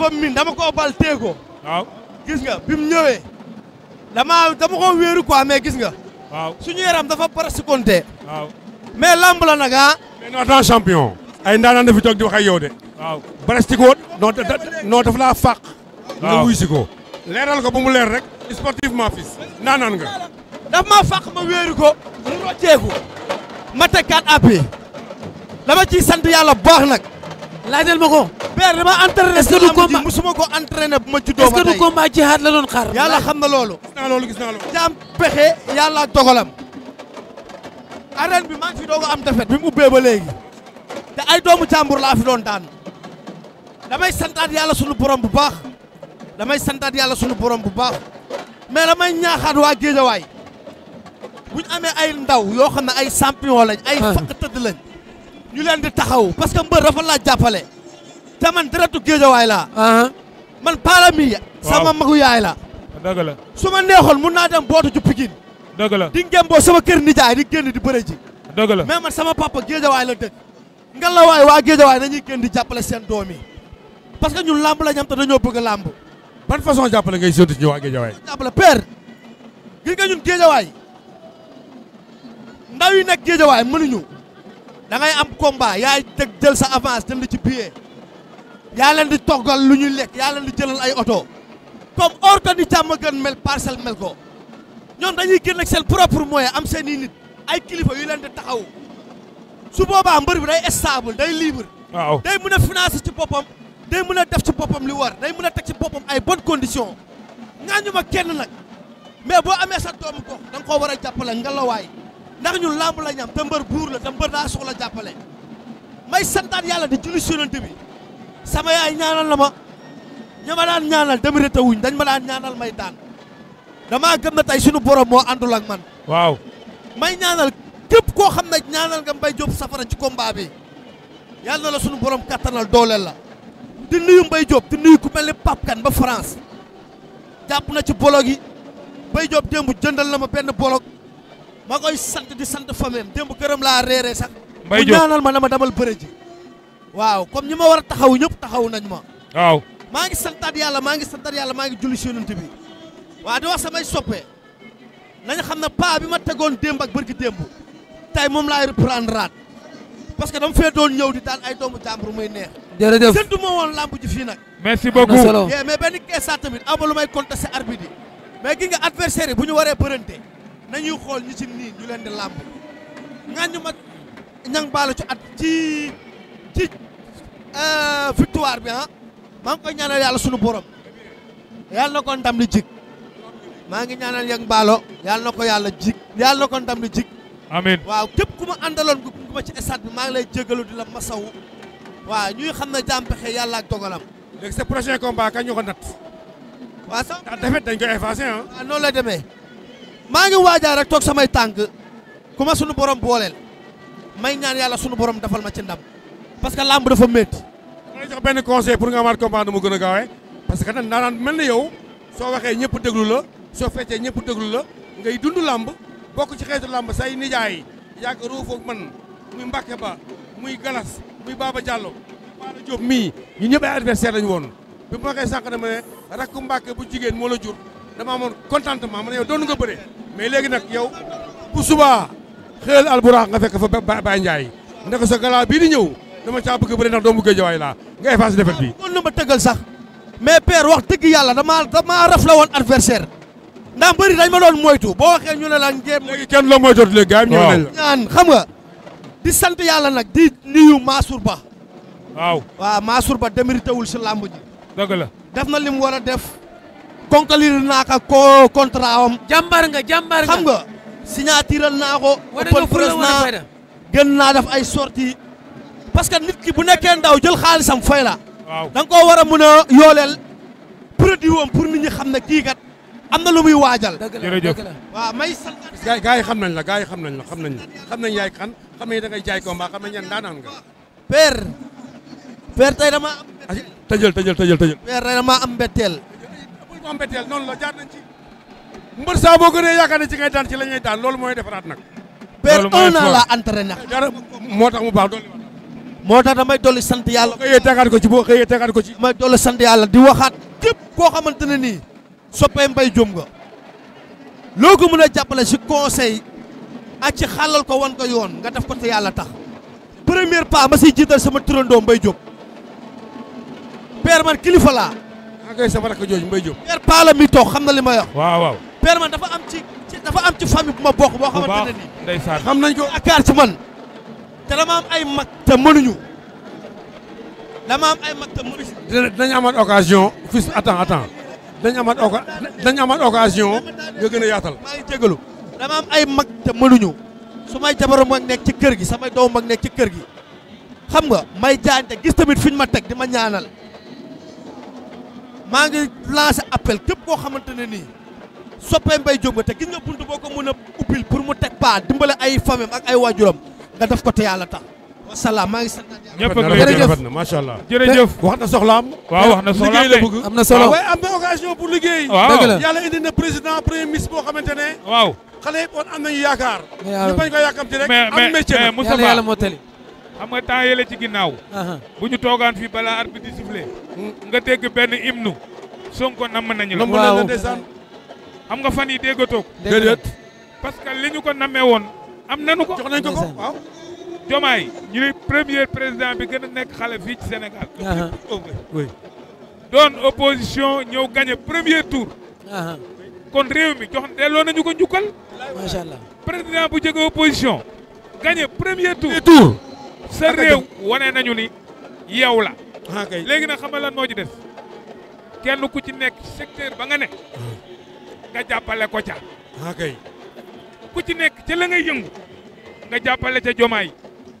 dafa min dama koo bal téye gis nga bi mu ñëwee. damaa dama ko wéeru quoi gis nga. waaw suñu yaram dafa presque compté. waaw mais lamb la nag ah. mais non tant champion. ay ndaanaan dafa toog di wax yow de. waaw presque ko noo noo dafa laa ko. leeral ko ba mu leer rek sportivement fii naan nga. daf maa fàq ma wéeru ko. mu rocceeku. ma teg 4 dama ciy sant yàlla baax nag. laajal ma ko. père dama entraîné. est ce ko du combat musuma ko ne bu ma juddoo ba tey est ce que du xam na loolu. gis naa gis naa loolu. jaam pexe yàlla dogalam. arène bi maa ngi fi doog am defet bi mu ubbee ba léegi. te ay doomu jàmbur laa fi doon daan. damay santaat yàlla sunu borom bu baax. damay santaat yàlla sunu borom bu baax. mais damay ñaaxaat waa Géejawaay. bu ñu amee ay ndaw yoo xam ne ay champion lañ. ay ah. faq tëdd lañ. ñu leen di taxaw parce que mbër dafa laaj jàppale te man deretu géejawaay laa uh-huh. man paala mi sama magu yaay la dëgg la su ma neexoon mun naa dem bootu ju Pikine dëgg la di ngem boo sama kër nijaay di génn di bëre ji dëgg la mais man sama papa géejawaay la dëkk nga la waay waa géejawaay nañuy génn di jàppale seen doom yi parce que ñun làmb la ñam te dañoo bëgg a làmb ban façon jàppale ngay sotti ci waa géejawaay jàppale père gis nga ñun géejawaay ndaw yi nekk géejawaay mënuñu da ngay am combat yaay teg jël sa avance jënd ci billet yaa leen di toggal lu ñuy lekk yaa leen di jëlal ay oto comme or que ni jàmm gën mel parcelle mel ko ñoom dañuy génn ak seen propre moyen am seen i nit ay kilifa yu leen di taxaw su boobaa mbër bi day stable day libre. waaw day mën a financer ci boppam day mën a def ci boppam li war day mën a teg ci boppam ay bonnes conditions ñaañu ma kenn nag mais boo amee sa doomu gox da nga koo war a jàppale ngelawaay. ndax ñun làmb la ñam te mbër buur la te mbër daa soxla jàppale may santaat yàlla di julli Yonent bi sama yaay ñaanal na ma ña ma daan ñaanal dem rete wuñ dañ ma daan ñaanal may daan damaa gëm na tey suñu borom moo àndul ak man waaw may ñaanal képp koo xam ne ñaanal nga Mbaye Diop safara ci kombaa bi yàlla na la suñu borom kattanal dooleel la di nuyu Mbaye Diop di nuyu ku mel ni Pape ba France jàpp na ci bolog yi Mbaye Diop démb jëndal na ma benn bolog ma koy sant di sant fameem démb këram laa reeree sax. mbay Diop mu ñaanal ma dama damal bëre waaw comme ñi ma war a taxaw ñëpp taxaw nañ ma. waaw maa ngi santaat yàlla maa ngi santaat yàlla maa ngi julli si yonent bi. waa di wax samay soppe nañ xam ne paa bi ma tegoon démb ak bërki démb tey moom laay reprendre raat parce que dama fee doon ñëw di daan ay doomu jàmbur muy neex. jërëjëf séntu ma woon lamb ji fii nag. merci beaucoup mais benn keesaa tamit aw lu may contesté arbitre mais gi bu ñu waree bërënte nañuy xool ñu ci ñu leen di làmb ŋàññu ma ñang baalu ci at ci ci euh, victoire bi ah maa ngi koy ñaanal yàlla sunu borom yàlla na ko ndam li jig maa ngi ñaanal yang baalo yàlla na ko yàlla jig yàlla na ko ndam li jig amiin waaw képp ku ma àndaloon gu ma ci stade maa ngi lay jégalu di la masawu waaw ñuy xam ne jaam pexe yàlla ak dogalam se sa prochain combat kañ ñu ko nat waaw sax defet dañ koy effacé ah noonu la demee maa ngi waajaa rek toog samay tànk ku ma sunu borom booleel may ñaan yàlla sunu borom dafal ma ci ndam parce que làmb dafa métti. ma lay jox benn conseil pour nga amaat combat mu gën a gaawee parce que nag daanaan mel na yow soo waxee ñëpp déglu la soo feccee ñëpp déglu la ngay dund làmb bokk ci xeetu làmb say nijaay yàgg ruufoo man muy Mbacke ba muy Galas muy Baba Diallo Bala Diop mii ñu ñëpp ay adversaire lañu woon bi ma koy sànq dama ne rakku Mbacke bu jigéen moo la jur dama amoon contentement ma ne yow doon nga bëre mais léegi nag yow bu subaa xëyal alburax nga fekk fa Baye Ndiaye ndax sa gala bii di ñëw dama caa bëgg bëri ndax doomu géejawaay laa nga effacé defet bi mën na ma tëggal sax mais père wax dëgg yàlla damaa damaa raf la woon adversaire ndax mbëri dañ ma doon moytu boo waxee ñu ne la ngeen léegi kenn la moytoot léegi gars yi ñëw nañ la xam nga di sant yàlla nag di nuyu Mansour Ba waaw waaw Mansour Ba démérité wul si làmb ji dëgg la def na li mu war a def conquérir naa ko ko contrat am. jàmbaar nga jàmbaar nga xam nga. signature naa ko. open press naa gën naa def ay sorties. parce que nit ki bu nekkee ndaw jël xaalisam fay la. waaw da nga war a mën a yooleel produit am pour nit ñi xam na kii kat am na lu muy waajal. jërëjëf waaw may yi xam nañ la gars yi xam nañ la xam nañ la xam nañ yaay kan xam nañ da ngay jaay nañ yan daanaan nga. père. père tey dama am. tëjël tëjël tëjël tëjël. père tey am mbetteel. ñu ko mbeteel noonu la nañ ci mbër saa boo gënee yaakaar ne ci ngay daan ci la ñuy daan loolu mooy defaraat nag. loolu un an la entraîné moo tax mu baax doole moo tax damay dolli sant yàlla. xëyee tegaat ko ci boo xëyee tegaat ko ci. may dolli sant yàlla di waxaat képp koo xamante ne nii soppee mbay jom nga. loo ko mën a jàppale si conseil ak ci xàllal ko wan ko yoon nga def ko te yàlla tax. premier pas ma siy jiital sama turandoo mbay jom. père man kilifa laa. maa ngi koy sama rakk jooju Mbaye Diop. père Pala to toog xam na li may wax. waaw waaw. père man dafa am ci dafa am ci famille bu ma bokk. boo xamante ne day ndeysaan xam nañ ko akkaar ci man. te dama ay mag te mënuñu. dama am ay mag te dinañ amaat occasion. fils attends attends dañ amaat oca dañ amaat occasion nga gën a yaatal. maa ngi jégalu dama ay mag te mënuñu su may jabaru mag nekk ci kër gi samay doom mag nekk ci kër gi xam nga may jaante gis tamit fi ñu ma teg di ma ñaanal. maa ngi lancé appel képp koo xamante ne nii soppee Mbaye Diop nga te gis nga buntu boo ko mën a ubbil pour mu teg pas dimbale ay famem ak ay waajuram nga def ko te yàlla tax wasalaam maa ngi sant ñëpp ak jërëjëf macha allah jërëjëf wax na soxlaam waaw wax na soxlaam liggéey am na solo ah, pour liggéey yàlla indi na président premier ministre boo xamante ne waaw xale yëpp woon am nañu yaakaar ñu bañ ko yàkkamti rek am métier yàlla yàlla moo tali xam nga temps yële ci ginnaaw. bu ñu toogaan fii balaa arbitre di siffler. Hmm. nga teg benn hymne. Sonko namm nañu la. waaw xam nga fan yi déggatoo ko. déedéet parce que li ñu ko nammee woon am nañu ko. jox nañ ko ko waaw. Diomaye ñu ne premier président bi gën a nekk xale fii ci Sénégal. doon opposition ñëw gagné premier tour. kon réew mi jox delloo nañu ko njukkal. macha allah président bu jóge opposition. gagné premier tour. sa réew wane nañu ni yow la. Ah, léegi nag xam nga lan ci des kenn ku ci nekk secteur ba nga ne nga jàppale ko ca. Ah, ku ci nekk ca la ngay yëngu nga jàppale ca jomaay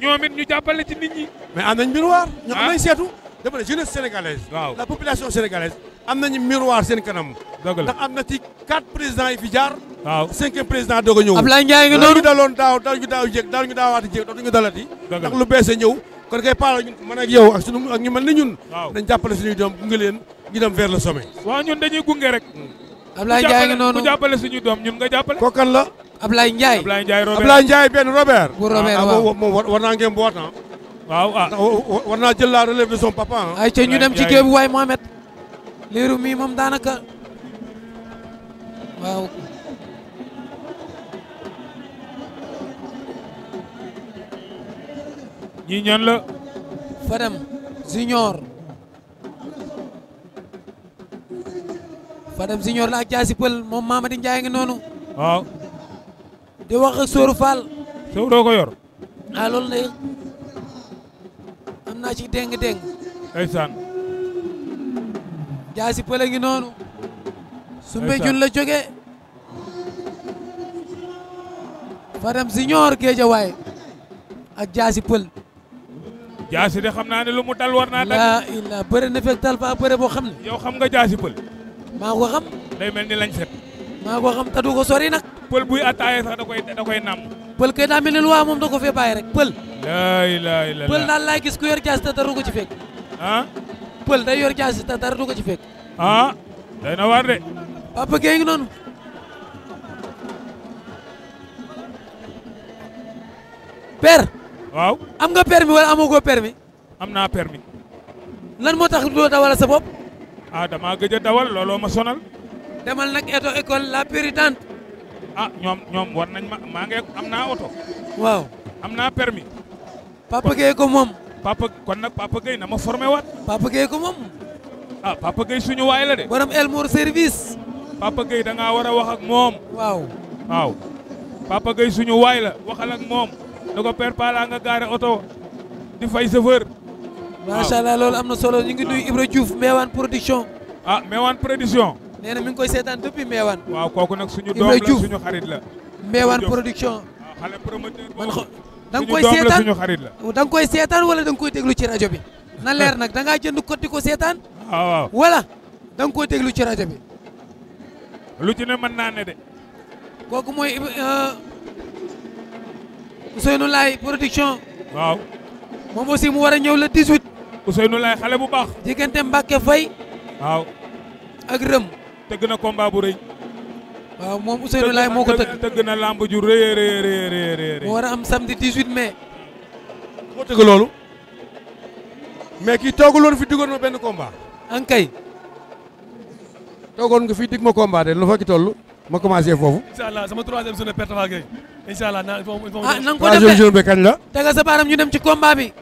ñoom it ñu jàppale ci nit ñi. mais am nañ miroir. ah ñoo am nañ seetu. dafa ne jeunesse sénégalaise. waaw la population sénégalaise am nañu miroir seen kanam. dëgg la am na ci quatre présidents yi fi jaar. waaw cinquième président doog a ñëw. Ablaye Ndiaye nga noonu daloon daaw daaw ñu daaw jéeg daaw ñu daawaati jéeg dootuñu dalati. dëgg ndax lu bees ñëw kon kay paalo ñun man ak yow ak sunu ak ñu mel ni ñun. waaw dañ jàppale suñuy doom gunge leen ñu dem vers le sommet. waaw ñun dañuy gunge rek. Hmm. Ablaye Ndiaye nga noonu ku jàppale suñuy doom ñun nga jàppale. kooku kan la. Ablaye Ndiaye Ablaye Ndiaye Robert Ablaye Ndiaye benn Robert. bu Robert ah, ah, waaw ah moom war naa ngeen boot ah. waaw ah war naa jël la relève de son papa ah. ay ca ñu dem ci géebu waay Mohamed. liiru mi moom daanaka waaw ñi ñan la. Fadam Junior. Fadam Junior la ak Jaasi Pël moom Mamadi Ndiaye ngi noonu. waaw. di wax ak Sooru Fall. Sooru doo yor. ah loolu de am naa ci déng-déng. Jaasi Pël a ngi noonu. sumbe jun la joge Fadam Junior Géejawaay ak Jaasi Pël. jaasi de xam naa ne lu mu dal war naa dal. laa ilaa bëre na fekk dal faa bëre boo xam ne. yow xam nga jaasi pël. maa ko xam. day mel ni lañ set. maa ko xam te du ko sori nag. pël buy attaaya sax da koy da koy namm. pël kay daa mel ni lu waa moom da ko fee bàyyi rek pël. pël daal laay gis ku yor jaasi te dara du ko ci fekk. ah. pël day ko ci fekk. ah. day na war de. papa Gueye noonu. père. waaw am nga permis wala amoo ko permis am naa permi lan moo tax doo dawal sa bopp aadama ah, dama gëj a dawal looloo ma sonal demal nag eto école la péritante ah ñoom ñoom war nañ ma maa ngi am naa oto waaw am naa permis papa Gueye ko moom papa kon nag papa Gueye na ma formé waat papa Gueye ko moom ah papa suñu waay la de borom Elmour service papa Gueye da ngaa war a wax ak moom waaw waaw papa Gueye suñu waay la waxal moom ne ko père Palla nga gaare oto di fay chauffeur. waaw macha allah loolu am na solo ñu ngi nuyu Ibra Diouf Mewane production. ah Mewane production. nee na mi ngi koy seetaan depuis Mewane. waaw kooku nag suñu doom la suñu xarit la. Mewane production. waaw ah, xale promoteur boobu da koy seetaan suñu xarit la. da nga koy seetaan wala da nga koy déglu ci rajo bi. na leer nag da ngaa jënd ko seetaan. Ah, waaw wala da nga koy déglu ci rajo bi. lu ci ne mën naa ne de. kooku mooy. Euh, Ousseynou Laye production. waaw. moom aussi mu war a ñëw la le 18. Ousseynou Laye xale bu baax. diggante Mbacke Faye. waaw. ak Rëm. tëgg na combat bu rëy. waaw moom Ousseynou Laye moo ko tëgg tëgg na lamb ju rëy rëy mu war a am samedi 18 mai. moo tëgg loolu. mais kii toogu woon fi diggoon ma benn combat. an kay. toogoon nga fi digg ma combat de lu fa ki toll ma commencé foofu. incha allah sama troisième journée perte incha allah ah na nga ko defee jour bi kañ la. daga sa baaram ñu dem ci combat bi.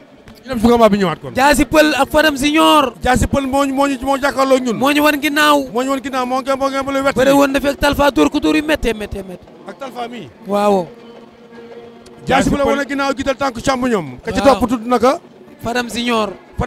ñu dem ci combat bi ñëwaat kon. Diassy Peulh ak Fadam Senior. Diassy Peulh moo ñu moo ñu ñun. moo wan ginnaaw. moo ñu wan ginnaaw wet. bëre woon fi ak Talfa dóor ku dóor yu méttee méttee méttee. ak Talfa mii. waaw. Diassy Peulh wane ginnaaw jiital tànk càmb ñoom. waaw ka ci topp tudd naka. Fadam Senior.